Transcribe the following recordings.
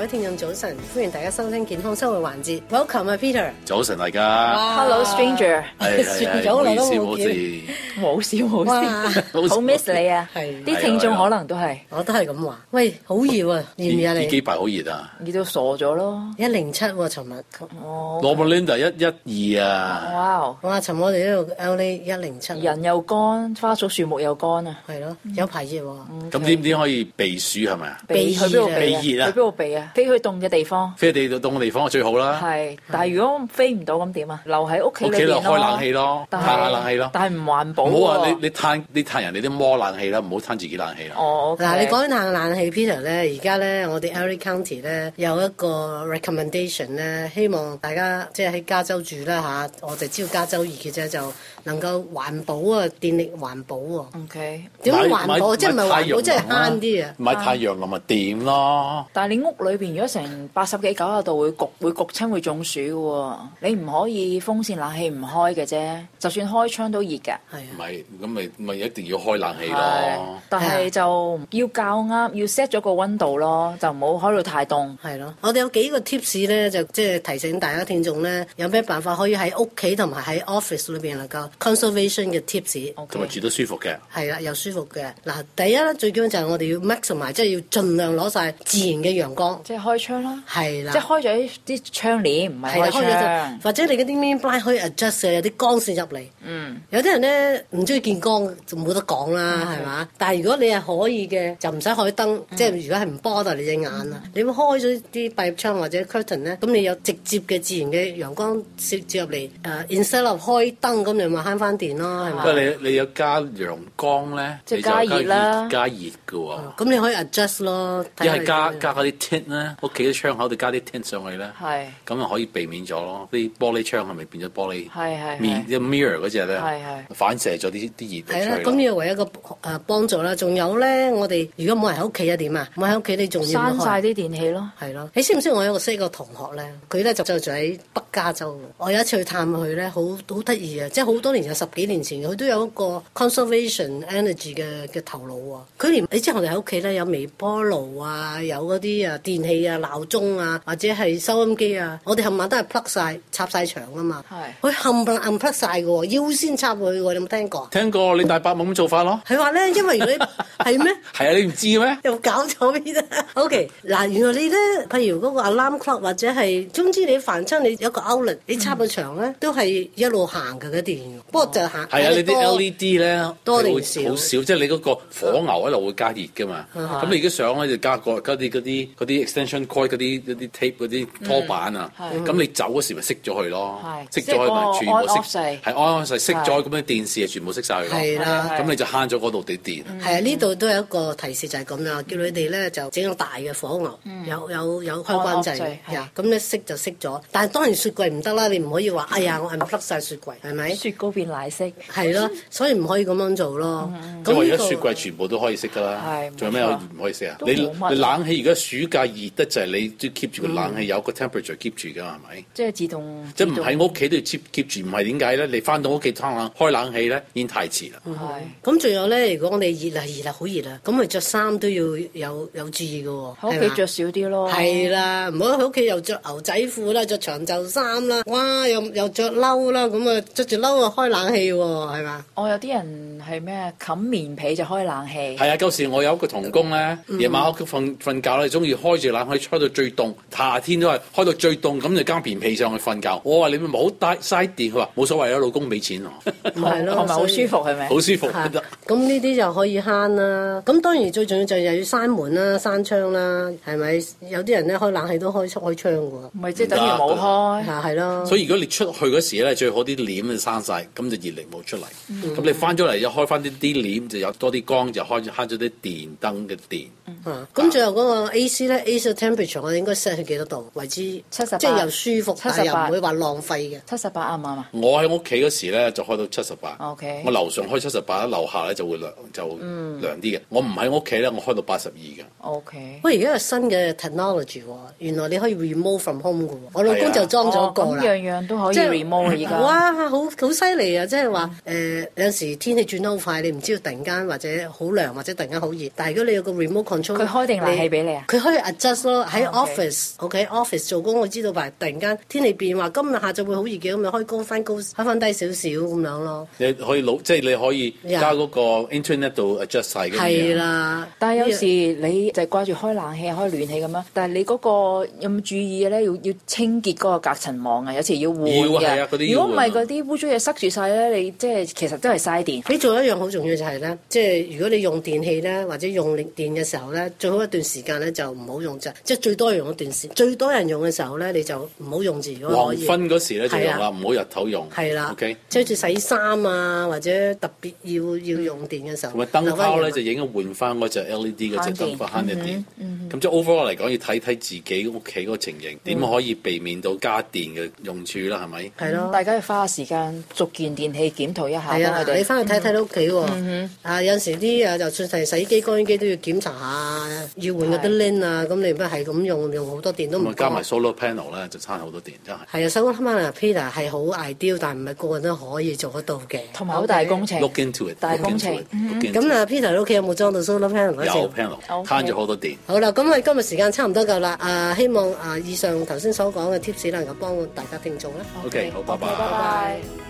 各位聽眾早晨，歡迎大家收聽健康生活環節。Welcome 啊，Peter！早晨大家。Hello stranger。係你！係。好少好少，好少好少。好 miss 你啊！係啲聽眾可能都係，我都係咁話。喂，好熱好熱啊你！幾排好熱啊！熱到傻咗咯！一零七喎，尋日我。我咪 Linda 一一二啊！哇！哇！尋日我哋喺度 LA 一零七。人又乾，花草樹木又乾啊，係咯，有排熱喎。咁點點可以避暑係咪啊？避去邊度避熱啊？去邊度避啊？飛去凍嘅地方，飛地度凍嘅地方就最好啦。係，但係如果飛唔到咁點啊？留喺屋企屋企咯。開冷氣咯，嘆下冷氣咯。但係唔環保。唔好話你你嘆你嘆人哋啲摩冷氣啦，唔好嘆自己冷氣啦。哦。嗱，你講緊嘆冷氣，Peter 咧，而家咧，我哋 every County 咧有一個 recommendation 咧，希望大家即係喺加州住啦吓、啊，我就知道加州熱嘅啫就。能夠環保啊，電力環保啊。OK。點樣環保？即係唔係環保，即係慳啲啊。唔買太陽能咪掂咯。但係你屋裏邊如果成八十幾、九十度會焗，會焗親會中暑嘅喎、啊。你唔可以風扇冷氣唔開嘅啫，就算開窗都熱㗎。係、啊。唔係，咁咪咪一定要開冷氣咯。是啊、但係就要較啱，要 set 咗個溫度咯，就唔好開到太凍。係咯、啊。是啊、我哋有幾個 tips 咧，就即係、就是、提醒大家聽眾咧，有咩辦法可以喺屋企同埋喺 office 裏邊嚟夠。conservation 嘅 tips，同埋住得舒服嘅，係啦，又舒服嘅。嗱，第一啦，最基本就係我哋要 maximize，即係要盡量攞晒自然嘅陽光，即係開窗啦，係啦的，即係開咗啲窗簾，唔係開窗開了，或者你嗰啲咩 blind 可以 adjust 嘅，有啲光線入嚟。嗯，有啲人咧唔中意見光，就冇得講啦，係嘛、嗯？但係如果你係可以嘅，就唔使開燈，嗯、即係如果係唔 bother 你隻眼啊。嗯、你開咗啲閉窗或者 curtain 咧，咁你有直接嘅自然嘅陽光射入嚟，誒、嗯 uh, instead of 開燈咁樣。慳翻電咯，係嘛？不過你你有加陽光咧，即係加熱啦，加熱嘅喎。咁你可以 adjust 咯。一係加加嗰啲 tint 咧，屋企嘅窗口度加啲 tint 上去咧，咁啊可以避免咗咯。啲玻璃窗係咪變咗玻璃？係係。mirror 嗰隻咧，反射咗啲啲熱。係啦，咁又為一個誒幫助啦。仲有咧，我哋如果冇人喺屋企啊點啊？冇喺屋企你仲要關晒啲電器咯，係咯。你知唔知我有個識個同學咧，佢咧就就住喺北加州。我有一次去探佢咧，好好得意啊，即係好多。當年就十幾年前，佢都有一個 conservation energy 嘅嘅頭腦喎。佢連你、欸、知我哋喺屋企咧，有微波爐啊，有嗰啲啊電器啊、鬧鐘啊，或者係收音機啊，我哋冚唪唥都係 plug 曬插晒牆啊嘛。係佢冚唪唥 unplug 曬嘅喎，要先插佢嘅。你有冇聽過？聽過？你大伯冇咁做法咯。係話咧，因為如果你係咩？係啊，你唔知嘅咩？又搞錯咩啫。O K，嗱，原來你咧，譬如嗰個 alarm clock 或者係，總之你凡鐘，你有個 Outlet，你插個牆咧，嗯、都係一路行嘅嗰電。不過就係啊！你啲 LED 咧，好少，好少，即係你嗰個火牛一路會加熱嘅嘛。咁你而家上咧就加個加啲嗰啲嗰啲 extension cord 嗰啲嗰啲 tape 嗰啲拖板啊。咁你走嗰時咪熄咗佢咯，熄咗咪全部熄晒。係安安晒，熄咗咁嘅電視，係全部熄晒佢。係啦，咁你就慳咗嗰度嘅電。係啊，呢度都有一個提示就係咁啦，叫你哋咧就整個大嘅火牛，有有有開關掣。咁你熄就熄咗，但係當然雪櫃唔得啦，你唔可以話哎呀，我係咪甩晒雪櫃係咪？變奶色係咯，所以唔可以咁樣做咯。咁我而家雪櫃全部都可以熄噶啦，仲有咩唔可以熄啊？你冷氣而家暑假熱得就係你 keep 住個冷氣有個 temperature keep 住噶，係咪？即係自動。即係唔喺屋企都要 keep keep 住，唔係點解咧？你翻到屋企開冷開冷氣咧，已經太遲啦。咁，仲有咧？如果我哋熱啊，熱啊，好熱啊，咁咪着衫都要有有注意噶，係嘛？屋企着少啲咯。係啦，唔好喺屋企又着牛仔褲啦，着長袖衫啦，哇，又又着褸啦，咁啊，着住褸啊。開冷氣喎，係嘛？我有啲人係咩冚棉被就開冷氣。係啊，舊時我有一個同工咧，夜晚屋企瞓瞓覺咧，中意開住冷氣開到最凍，夏天都係開到最凍，咁就加棉被上去瞓覺。我話你唔好嘥嘥電，佢話冇所謂啊，老公俾錢唔係咯，同埋好舒服係咪？好舒服。咁呢啲就可以慳啦。咁當然最重要就又要閂門啦、閂窗啦，係咪？有啲人咧開冷氣都開開窗噶，咪即係等於冇開啊？係咯。所以如果你出去嗰時咧，最好啲簾就閂晒。咁就熱力冇出嚟，咁你翻咗嚟又開翻啲啲簾，就有多啲光，就開慳咗啲電燈嘅電。咁最後嗰個 AC 咧，AC temperature 我應該 set 去幾多度為之？七十八，即係又舒服，又唔會話浪費嘅。七十八啱唔啱啊？我喺屋企嗰時咧就開到七十八。我樓上開七十八，樓下咧就會涼就涼啲嘅。我唔喺屋企咧，我開到八十二嘅。OK。喂，而家有新嘅 technology，原來你可以 remove from home 嘅喎。我老公就裝咗個一樣樣都可以 remove 啊！而家哇，好好犀利。即係話誒，有時天氣轉得好快，你唔知道突然間或者好涼，或者突然間好熱。但係如果你有個 remote control，佢開定冷氣俾你啊！佢可以 adjust 咯喺、oh, okay. office，喺、okay? office 做工，我知道話突然間天氣變話，今日下晝會好熱嘅，咁咪開高翻高，開翻低少少咁樣咯。你可以老即係你可以加嗰個 internet 度 Yeah. adjust 晒係啦，但係有時你就係掛住開冷氣、開暖氣咁啊！但係你嗰個有冇注意咧？要要清潔嗰個隔塵網啊！有時要換嘅。如果唔係嗰啲污糟嘢塞。住晒咧，你即係其實都係嘥電。你做一樣好重要就係、是、咧，即係如果你用電器咧，或者用電嘅時候咧，最好一段時間咧就唔好用住，即係最多用一段時間，最多人用嘅時候咧，你就唔好用住。如果可以，黃昏嗰時咧就用啦，唔好、啊、日頭用。係啦、啊。O K。即係要洗衫啊，或者特別要要用電嘅時候。同埋燈泡咧就應該換翻嗰隻 L E D 嗰隻燈泡，慳啲電。咁即係 overall 嚟講，要睇睇自己屋企嗰個情形，點、嗯、哼可以避免到家電嘅用處啦？係咪？係咯、啊。大家要花時間件電器檢討一下。係啊，你翻去睇睇屋企喎。啊，有陣時啲啊，就算係洗衣機、乾衣機都要檢查下，要換嗰啲 link 啊。咁你唔係咁用，用好多電都唔。咁加埋 solar panel 咧，就差好多電，真係。係啊，收工翻嚟啊，Peter 係好 ideal，但唔係個個都可以做得到嘅，同埋好大工程。Look into it，大工程。咁啊，Peter，你屋企有冇裝到 solar panel 啊？有 panel，攤咗好多電。好啦，咁啊，今日時間差唔多夠啦。啊，希望啊，以上頭先所講嘅 tips 能夠幫大家聽眾啦。OK，好，拜拜，拜拜。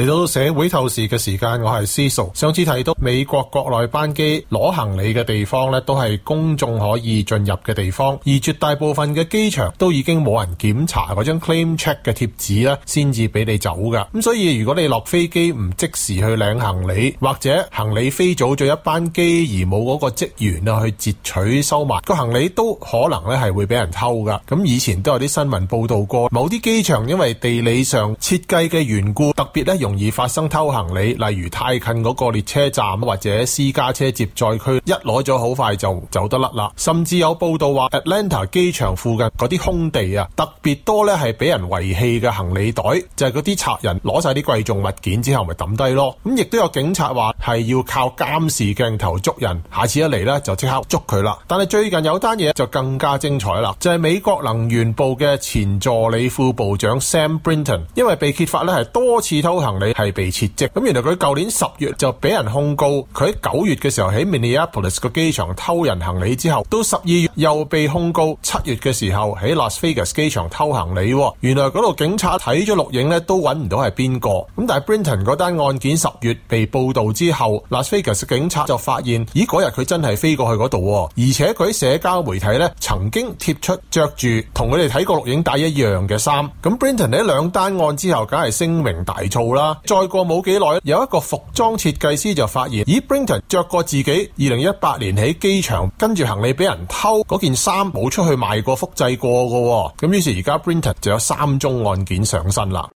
嚟到社會透視嘅時間，我係思素。上次提到美國國內班機攞行李嘅地方咧，都係公眾可以進入嘅地方，而絕大部分嘅機場都已經冇人檢查嗰張 claim check 嘅貼紙啦，先至俾你走噶。咁所以如果你落飛機唔即時去領行李，或者行李飛早咗一班機而冇嗰個職員啊去截取收埋個行李，都可能咧係會俾人偷㗎。咁以前都有啲新聞報道過，某啲機場因為地理上設計嘅緣故，特別咧容容易發生偷行李，例如太近嗰個列車站或者私家車接載區，一攞咗好快就走得甩啦。甚至有報道話，Atlanta 機場附近嗰啲空地啊，特別多咧係俾人遺棄嘅行李袋，就係嗰啲賊人攞晒啲貴重物件之後，咪抌低咯。咁亦都有警察話係要靠監視鏡頭捉人，下次一嚟咧就即刻捉佢啦。但係最近有單嘢就更加精彩啦，就係、是、美國能源部嘅前助理副部長 Sam b r i n t o n 因為被揭發咧係多次偷行李。你係被撤職咁，原來佢舊年十月就俾人控告，佢喺九月嘅時候喺 Minneapolis 個機場偷人行李之後，到十二月又被控告。七月嘅時候喺 Las Vegas 機場偷行李，原來嗰度警察睇咗錄影咧都揾唔到係邊個。咁但係 Brinton 嗰單案件十月被報導之後，Las Vegas 警察就發現，咦，嗰日佢真係飛過去嗰度，而且佢喺社交媒體咧曾經貼出着住同佢哋睇過錄影帶一樣嘅衫。咁 Brinton 喺兩單案之後，梗係聲名大噪啦。再過冇幾耐，有一個服裝設計師就發現，咦，Brinton 着過自己，二零一八年喺機場跟住行李俾人偷嗰件衫，冇出去賣過，複製過、複製過噶。咁於是而家 Brinton 就有三宗案件上身啦。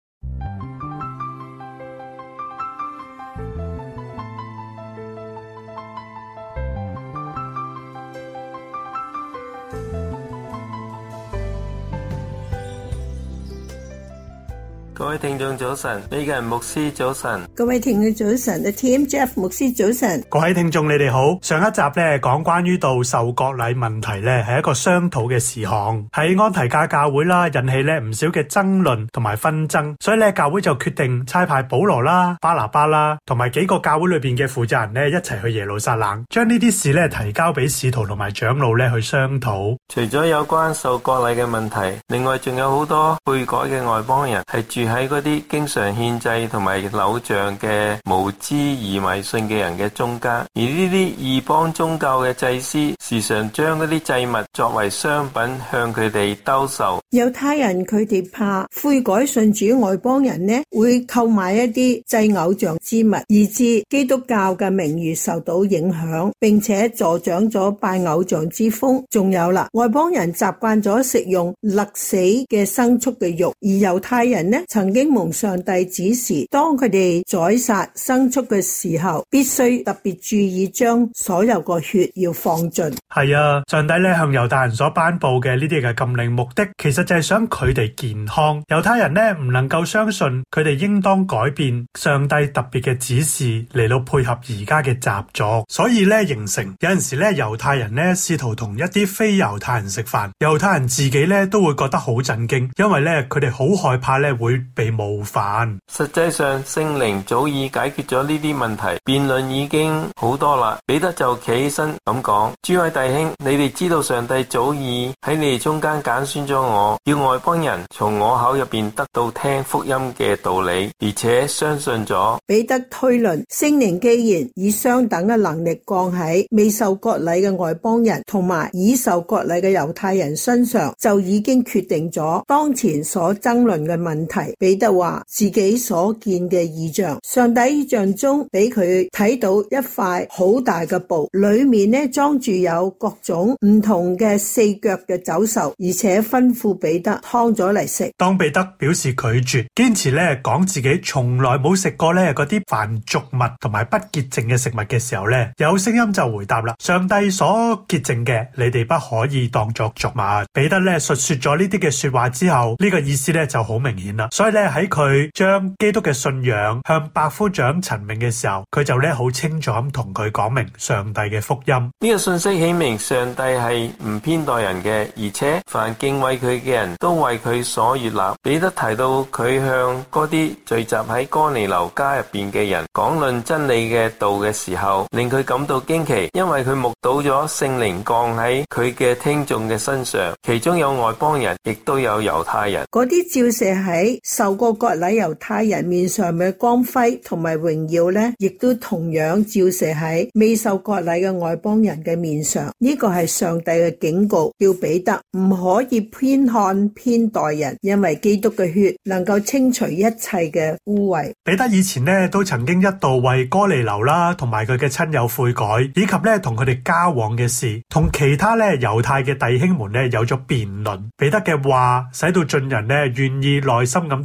各位聽眾早晨，呢個係牧師早晨，各位聽眾早晨，阿 Tim Jeff 牧師早晨。各位聽眾你哋好，上一集咧講關於到受割禮問題咧係一個商討嘅事項，喺安提阿教會啦引起咧唔少嘅爭論同埋紛爭，所以咧教會就決定差派保羅啦、巴拿巴啦同埋幾個教會裏邊嘅負責人咧一齊去耶路撒冷，將呢啲事咧提交俾使徒同埋長老咧去商討。除咗有關受割禮嘅問題，另外仲有好多悔改嘅外邦人係住喺。喺嗰啲經常獻祭同埋偶像嘅無知而迷信嘅人嘅中間，而呢啲異邦宗教嘅祭司，時常將嗰啲祭物作為商品向佢哋兜售。猶太人佢哋怕悔改信主外邦人呢，會購買一啲祭偶像之物，以致基督教嘅名譽受到影響，並且助長咗拜偶像之風。仲有啦，外邦人習慣咗食用勒死嘅牲畜嘅肉，而猶太人呢曾，經蒙上帝指示，當佢哋宰殺牲畜嘅時候，必須特別注意將所有個血要放盡。係啊，上帝咧向猶太人所頒布嘅呢啲嘅禁令，目的其實就係想佢哋健康。猶太人咧唔能夠相信佢哋應當改變上帝特別嘅指示嚟到配合而家嘅習俗。所以咧形成有陣時咧猶太人咧試圖同一啲非猶太人食飯，猶太人自己咧都會覺得好震驚，因為咧佢哋好害怕咧會。無犯。實際上，聖靈早已解決咗呢啲問題，辯論已經好多啦。彼得就企起身咁講：諸位弟兄，你哋知道上帝早已喺你哋中間揀選咗我，要外邦人從我口入邊得到聽福音嘅道理，而且相信咗。彼得推論，聖靈既然以相等嘅能力降喺未受割禮嘅外邦人同埋已受割禮嘅猶太人身上，就已經決定咗當前所爭論嘅問題。彼得話自己所見嘅異象，上帝異象中俾佢睇到一塊好大嘅布，裏面咧裝住有各種唔同嘅四腳嘅走獸，而且吩咐彼得劏咗嚟食。當彼得表示拒絕，堅持咧講自己從來冇食過咧嗰啲凡俗物同埋不潔淨嘅食物嘅時候咧，有聲音就回答啦：上帝所潔淨嘅，你哋不可以當作俗物。彼得咧述說咗呢啲嘅說話之後，呢個意思咧就好明顯啦。所以。咧喺佢將基督嘅信仰向百夫長陳明嘅時候，佢就咧好清楚咁同佢講明上帝嘅福音。呢個信息顯明上帝係唔偏待人嘅，而且凡敬畏佢嘅人都為佢所悅納。彼得提到佢向嗰啲聚集喺哥尼流家入邊嘅人講論真理嘅道嘅時候，令佢感到驚奇，因為佢目睹咗聖靈降喺佢嘅聽眾嘅身上，其中有外邦人，亦都有猶太人。嗰啲照射喺受過割禮猶太人面上嘅光輝同埋榮耀呢，亦都同樣照射喺未受割禮嘅外邦人嘅面上。呢個係上帝嘅警告，叫彼得唔可以偏看偏待人，因為基督嘅血能夠清除一切嘅污穢。彼得以前呢，都曾經一度為哥尼流啦同埋佢嘅親友悔改，以及咧同佢哋交往嘅事，同其他咧猶太嘅弟兄們咧有咗辯論。彼得嘅話使到眾人呢，願意內心咁。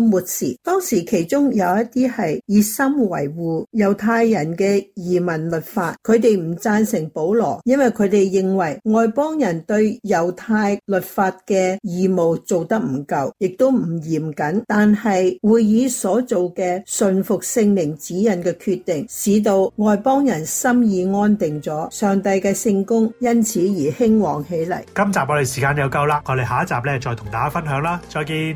末時，當時其中有一啲係熱心維護猶太人嘅移民律法，佢哋唔贊成保羅，因為佢哋認為外邦人對猶太律法嘅義務做得唔夠，亦都唔嚴謹。但係會以所做嘅順服聖靈指引嘅決定，使到外邦人心意安定咗，上帝嘅聖工因此而興旺起嚟。今集我哋時間又夠啦，我哋下一集咧再同大家分享啦，再見。